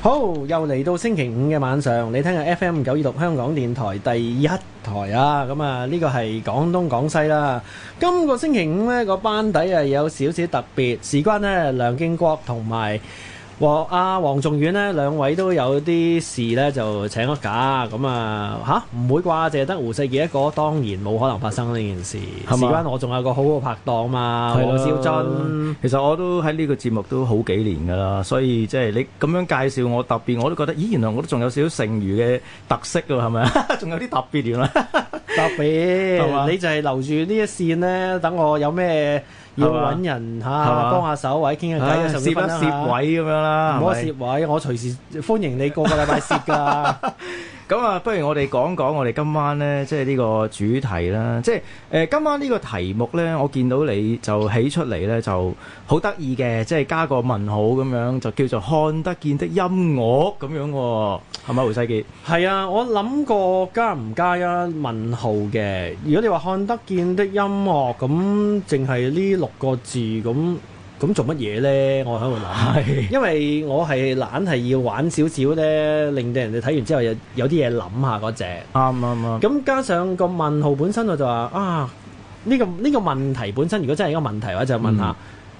好，又嚟到星期五嘅晚上，你聽下 FM 九二六香港電台第一台啊！咁啊，呢個係廣東廣西啦。今個星期五呢個班底啊有少少特別，事關呢，梁建國同埋。和阿黃仲遠呢兩位都有啲事呢，就請咗假咁啊嚇，唔會啩？淨係得胡世傑一個，當然冇可能發生呢件事。嗎事關我仲有個好好拍檔嘛，王兆俊。其實我都喺呢個節目都好幾年噶啦，所以即係你咁樣介紹我，特別我都覺得，咦，原來我都仲有少少剩餘嘅特色喎，係咪？仲 有啲特別㗎嘛？ 你就係留住呢一線呢，等我有咩要揾人嚇吧、啊、幫下手，或者傾、啊、下偈嘅時候，唔好蝕位咁樣啦。唔好蝕位，是是我隨時歡迎你個個禮拜蝕㗎。咁啊，不如我哋講講我哋今晚呢，即係呢個主題啦。即係誒，今晚呢個題目呢，我見到你就起出嚟呢，就好得意嘅，即係加個問號咁樣，就叫做看得見的音樂咁樣喎、哦，係咪胡世傑？係啊，我諗過加唔加一問號嘅。如果你話看得見的音樂咁，淨係呢六個字咁。咁做乜嘢呢？我喺度諗， 因為我係懶，係要玩少少呢。令到人哋睇完之後有有啲嘢諗下嗰隻。啱啱啱。咁、 嗯嗯嗯、加上個問號本身，我就話啊，呢、呢個呢、呢個問題本身，如果真係一個問題嘅話，我就問下，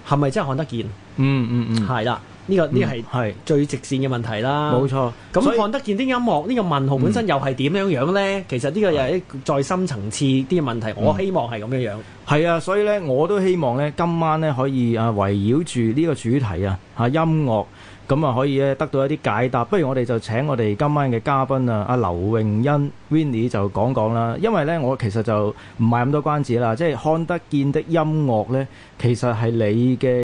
係咪、嗯、真係看得見？嗯嗯嗯，係啦。 呢個呢係係最直線嘅問題啦，冇錯。咁看得見的音樂呢個問號本身又係點樣樣呢？其實呢個又係再深層次啲問題。我希望係咁樣樣。係啊，所以呢我都希望呢今晚呢可以啊圍繞住呢個主題啊，啊音樂咁啊可以呢得到一啲解答。不如我哋就請我哋今晚嘅嘉賓啊阿劉詠恩 Winnie 就講講啦。因為呢我其實就唔係咁多關子啦，即係看得見的音樂呢，其實係你嘅。